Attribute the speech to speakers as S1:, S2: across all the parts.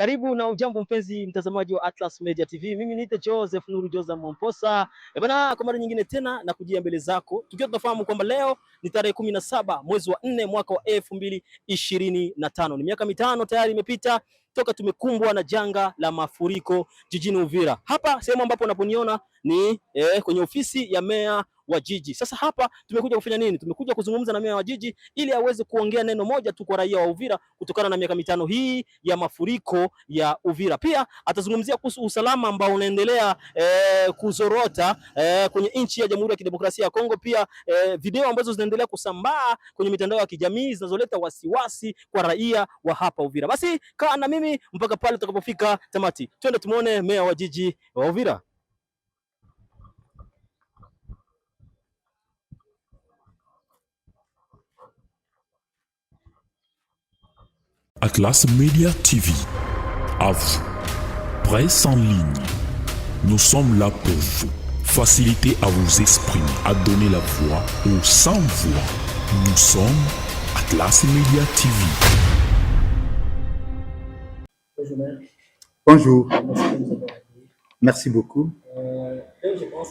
S1: Karibu na ujambo mpenzi mtazamaji wa Atlas Media TV. Mimi niite Joseph Nuru Joseph Mwamposa. Eh, bana kwa mara nyingine tena na kujia mbele zako tukiwa tunafahamu kwamba leo ni tarehe kumi na saba mwezi wa nne mwaka wa elfu mbili ishirini na tano. Ni miaka mitano tayari imepita toka tumekumbwa na janga la mafuriko jijini Uvira. Hapa sehemu ambapo unaponiona ni eh, kwenye ofisi ya meya wa jiji. Sasa hapa tumekuja kufanya nini? Tumekuja kuzungumza na meya wa jiji ili aweze kuongea neno moja tu kwa raia wa Uvira kutokana na miaka mitano hii ya mafuriko ya Uvira. Pia atazungumzia kuhusu usalama ambao unaendelea eh, kuzorota eh, kwenye nchi ya Jamhuri ya Kidemokrasia ya Kongo. Pia eh, video ambazo zinaendelea kusambaa kwenye mitandao ya kijamii zinazoleta wasiwasi kwa raia wa hapa Uvira. Basi kaa na mimi mpaka pale tutakapofika tamati. Twende tumuone meya wa jiji wa Uvira.
S2: Atlas Media TV. À vous. Presse en ligne. Nous sommes là pour vous. Faciliter à vous exprimer, à donner la voix ou sans-voix. Nous sommes Atlas Media TV.
S3: Bonjour. Merci beaucoup. Euh, je pense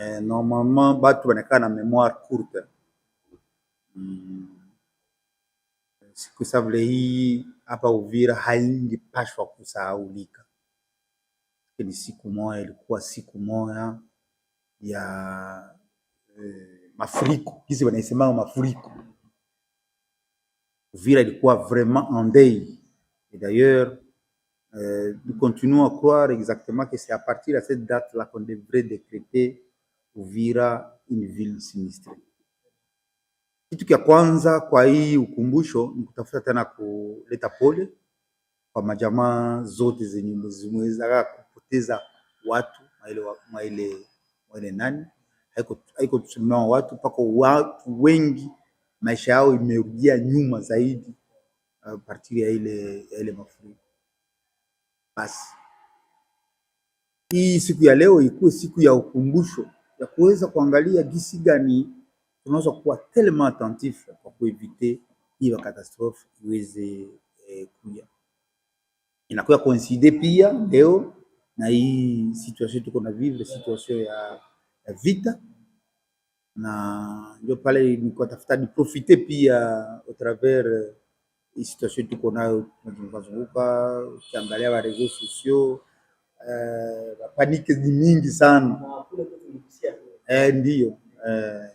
S3: Eh, normalement batu wanakaa na mémoire courte que hmm. Siku savule hii hapa Uvira haingepashwa kusahaulika, lakini siku a ilikuwa siku moja ya eh, mafuriko quoi vraiment en day et d'ailleurs eh, nous continuons à croire exactement que c'est à partir de cette date là qu'on devrait décréter Uvira une ville sinistre. Kitu kya kwanza kwa hii ukumbusho ni kutafuta tena kuleta pole kwa majamaa zote zenye zimeweza kupoteza watu maile, maile nani haiko tusimama watu mpaka watu wengi maisha yao imerudia nyuma zaidi uh, partiri ya ile ya ile mafuriko. Basi hii siku ya leo ikuwe siku ya ukumbusho ya kuweza kuangalia gisi gani tunaweza kuwa telema attentif kwa kuevite hiyo katastrofe iweze eh, kuja. Inakuwa coincide pia leo na hii situation tuko na vivre situation ya, ya vita na ndio pale niko tafuta di profiter pia au travers hii eh, situation tuko nayo tunazunguka ukiangalia wa reseaux sociaux uh, eh, panike ni mingi sana Eh, ndio eh,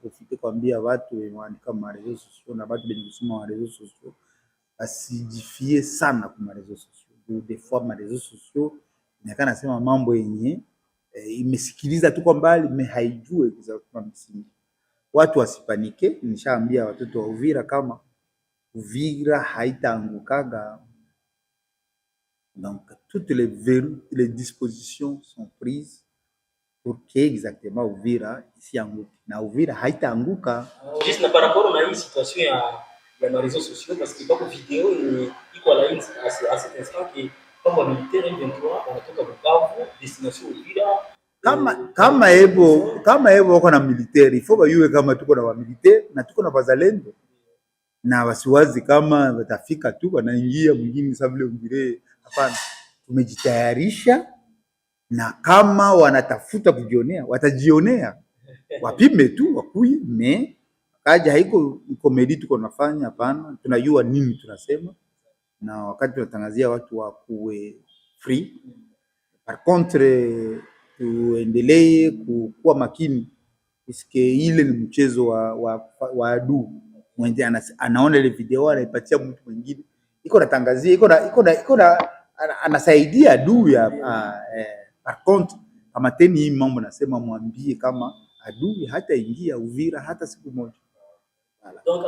S3: profite kwambia watu wanaandika marezo sosio na watu wenye kusoma marezo sosio asijifie sana kwa marezo sosio. Des fois marezo sosio inakaa nasema mambo yenye eh, imesikiliza tu kwa mbali me haijue kwa msingi. Watu wasipanike, nishaambia watoto wa Uvira kama Uvira haitaangukaga donc toutes les verrues, les dispositions sont prises Porque exactement Ouvira ici en isianguke na Ouvira, haïta Uvira haitaanguka
S4: juste na par rapport na hii situation à ya ma réseaux sociaux parce que bako video yenye iko la hii à cet instant qui comme que kama militaire M23 wanatoka Bukavu destination Uvira
S3: kama kama ebo kama hebo wako na militaire ifo bayuwe kama tuko na militaire na tuko na bazalendo na wasiwazi kama watafika tu wanaingia mwingine, sa vile ungire. Hapana, tumejitayarisha na kama wanatafuta kujionea watajionea, wapime tu wakuye me kaja haiko komedi tuko nafanya hapana, tunajua nini tunasema, na wakati tunatangazia watu wakuwe free. Par contre tuendelee kuwa makini iske ile ni mchezo wa, wa, wa adu mwenye anaona ile video anaipatia mtu mwingine, iko natangazia iko na iko na anasaidia adu ya ah, eh, Par contre, kamateni hii mambo, nasema mwambie kama adui ingia Uvira hata siku moja. Donc,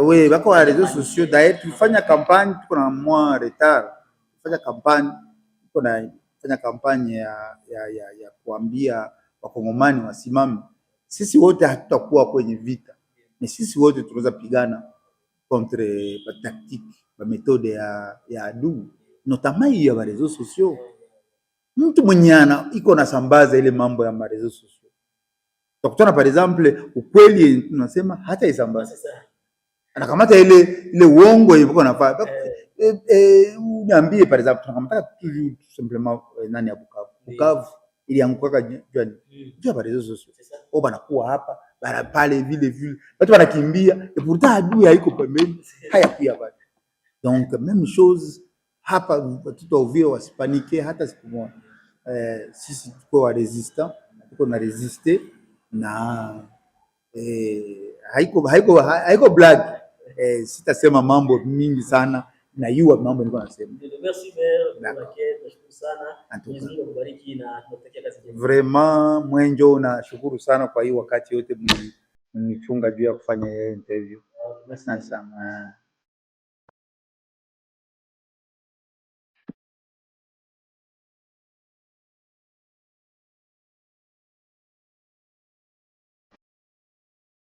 S3: Oui, bako wa réseaux sociaux daer, tulifanya kampani, tuko na mwa retard, fanya kampani, tuko na fanya kampani ya, ya, ya, ya kuambia wakongomani wasimame. Sisi wote hatutakuwa kwenye vita, ni sisi wote tunaweza pigana contre batactique bametode ya, ya adui notama hii ya marezo sosio. Mtu mwenyana iko nasambaza ile mambo ya marezo sosio, takutana par exemple ukweli tunasema hata isambaza anakamata ile ile uongo ilivyokuwa nafaa eh. eh, eh, uniambie par exemple tunakamata tu simplement eh, nani ya Bukavu eh. Bukavu ilianguka jua jua par hmm. réseaux sociaux au banakuwa hapa bara pale vile vile, watu wanakimbia, pourtant adui haiko pembeni, haya pia bado. Donc même chose hapa, watoto wa Uvira wasipanike hata siku moja. Eh, sisi tuko wa resistant, tuko na resiste na eh, haiko haiko haiko black eh, sitasema mambo mingi sana najua mambo nilikuwa nasema. Vraiment Mwenjo, nashukuru sana kwa hii wakati yote mnichunga juu ya kufanya interview. Ah, Asante sana.